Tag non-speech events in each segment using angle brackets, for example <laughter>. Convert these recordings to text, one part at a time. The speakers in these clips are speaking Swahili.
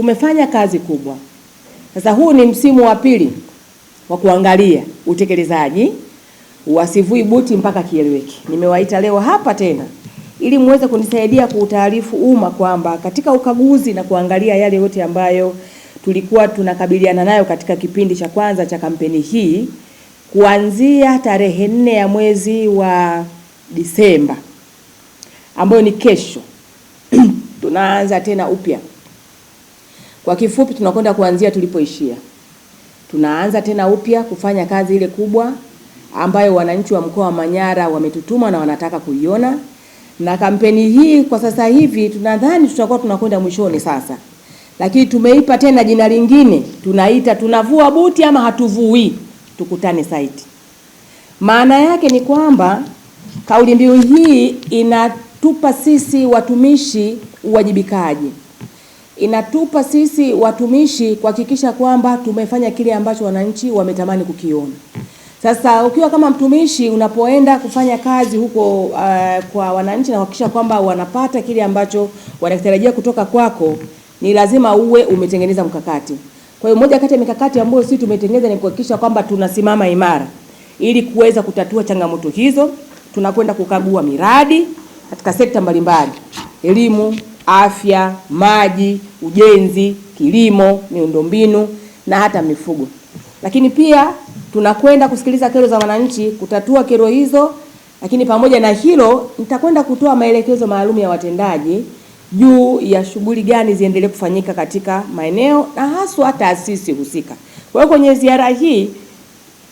Tumefanya kazi kubwa. Sasa huu ni msimu wa pili wa kuangalia utekelezaji, sivui buti mpaka kieleweke. Nimewaita leo hapa tena ili muweze kunisaidia kuutaarifu umma kwamba katika ukaguzi na kuangalia yale yote ambayo tulikuwa tunakabiliana nayo katika kipindi cha kwanza cha kampeni hii kuanzia tarehe nne ya mwezi wa Disemba ambayo ni kesho <clears throat> tunaanza tena upya kwa kifupi, tunakwenda kuanzia tulipoishia, tunaanza tena upya kufanya kazi ile kubwa ambayo wananchi wa mkoa wa Manyara wametutuma na wanataka kuiona, na kampeni hii kwa sasa hivi tunadhani tutakuwa tunakwenda mwishoni sasa, lakini tumeipa tena jina lingine, tunaita tunavua buti ama hatuvui, tukutane saiti. Maana yake ni kwamba kauli mbiu hii inatupa sisi watumishi uwajibikaji inatupa sisi watumishi kuhakikisha kwamba tumefanya kile ambacho wananchi wametamani kukiona. Sasa ukiwa kama mtumishi unapoenda kufanya kazi huko uh, kwa wananchi na kuhakikisha kwamba wanapata kile ambacho wanakitarajia kutoka kwako, ni lazima uwe umetengeneza mkakati. Kwa hiyo moja kati ya mikakati ambayo sisi tumetengeneza ni kuhakikisha kwamba tunasimama imara ili kuweza kutatua changamoto hizo. Tunakwenda kukagua miradi katika sekta mbalimbali, elimu afya, maji, ujenzi, kilimo, miundombinu na hata mifugo. Lakini pia tunakwenda kusikiliza kero za wananchi, kutatua kero hizo. Lakini pamoja na hilo, nitakwenda kutoa maelekezo maalum ya watendaji juu ya shughuli gani ziendelee kufanyika katika maeneo na haswa taasisi husika. Kwa hiyo kwenye ziara hii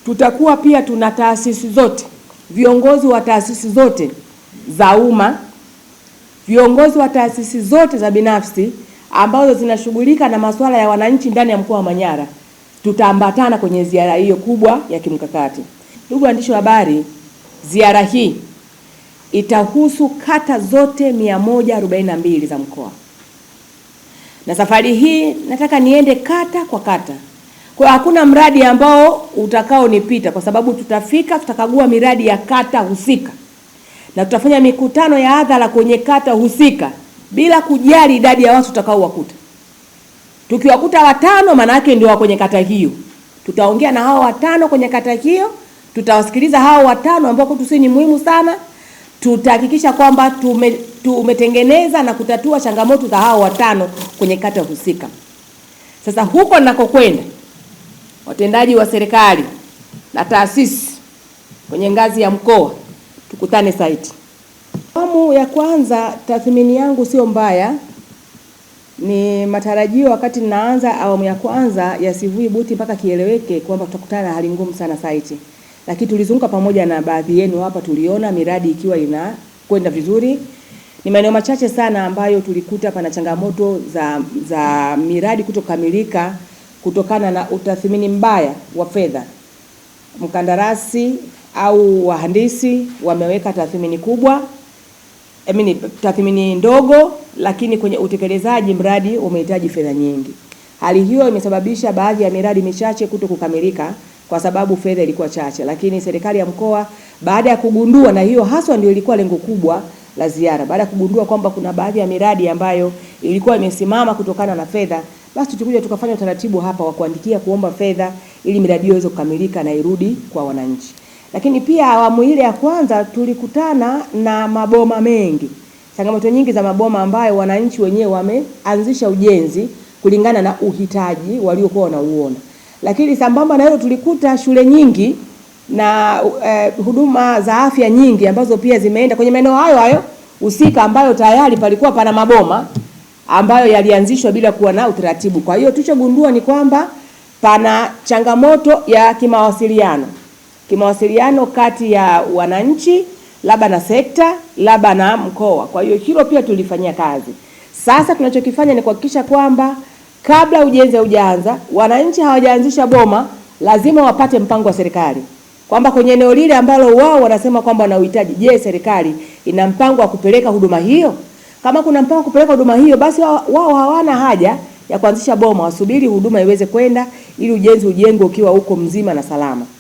tutakuwa pia tuna taasisi zote, viongozi wa taasisi zote za umma viongozi wa taasisi zote za binafsi ambazo zinashughulika na masuala ya wananchi ndani ya mkoa wa Manyara tutaambatana kwenye ziara hiyo kubwa ya kimkakati. Ndugu waandishi wa habari, ziara hii itahusu kata zote 142 za mkoa, na safari hii nataka niende kata kwa kata. Kwa hakuna mradi ambao utakaonipita, kwa sababu tutafika, tutakagua miradi ya kata husika na tutafanya mikutano ya hadhara kwenye kata husika bila kujali idadi ya watu tutakaowakuta. Tukiwakuta watano, maana yake ndio wa kwenye kata hiyo. Tutaongea na hao watano kwenye kata hiyo, tutawasikiliza hao watano ambao kwetu sisi ni muhimu sana. Tutahakikisha kwamba tume, tumetengeneza na kutatua changamoto za hao watano kwenye kata husika. Sasa huko ninakokwenda, watendaji wa serikali na taasisi kwenye ngazi ya mkoa tukutane site. Awamu ya kwanza, tathmini yangu sio mbaya, ni matarajio wakati ninaanza awamu ya kwanza ya sivui buti mpaka kieleweke kwamba tutakutana na hali ngumu sana site, lakini tulizunguka pamoja na baadhi yenu hapa, tuliona miradi ikiwa inakwenda vizuri. Ni maeneo machache sana ambayo tulikuta pana changamoto za, za miradi kutokamilika kutokana na utathmini mbaya wa fedha mkandarasi au wahandisi wameweka tathmini kubwa I mean, tathmini ndogo, lakini kwenye utekelezaji mradi umehitaji fedha nyingi. Hali hiyo imesababisha baadhi ya miradi michache kuto kukamilika kwa sababu fedha ilikuwa chache, lakini serikali ya mkoa baada ya kugundua, na hiyo haswa ndio ilikuwa lengo kubwa la ziara, baada ya kugundua kwamba kuna baadhi ya miradi ambayo ilikuwa imesimama kutokana na fedha, basi tulikuja tukafanya utaratibu hapa wa kuandikia kuomba fedha ili miradi hiyo iweze kukamilika na irudi kwa wananchi. Lakini pia awamu ile ya kwanza tulikutana na maboma mengi, changamoto nyingi za maboma ambayo wananchi wenyewe wameanzisha ujenzi kulingana na uhitaji waliokuwa wanauona. Lakini sambamba na hilo tulikuta shule nyingi na uh, huduma za afya nyingi ambazo pia zimeenda kwenye maeneo hayo hayo husika ambayo tayari palikuwa pana maboma ambayo yalianzishwa bila kuwa na utaratibu. Kwa hiyo tulichogundua ni kwamba pana changamoto ya kimawasiliano, kimawasiliano kati ya wananchi labda na sekta labda na mkoa. Kwa hiyo hilo pia tulifanyia kazi. Sasa tunachokifanya ni kuhakikisha kwamba kabla ujenzi haujaanza, wananchi hawajaanzisha boma, lazima wapate mpango wa serikali kwamba kwenye eneo lile ambalo wao wanasema kwamba wanauhitaji, je, serikali ina mpango wa kupeleka huduma hiyo? Kama kuna mpango wa kupeleka huduma hiyo, basi wao hawana haja ya kuanzisha boma, wasubiri huduma iweze kwenda ili ujenzi ujengwe ukiwa huko mzima na salama.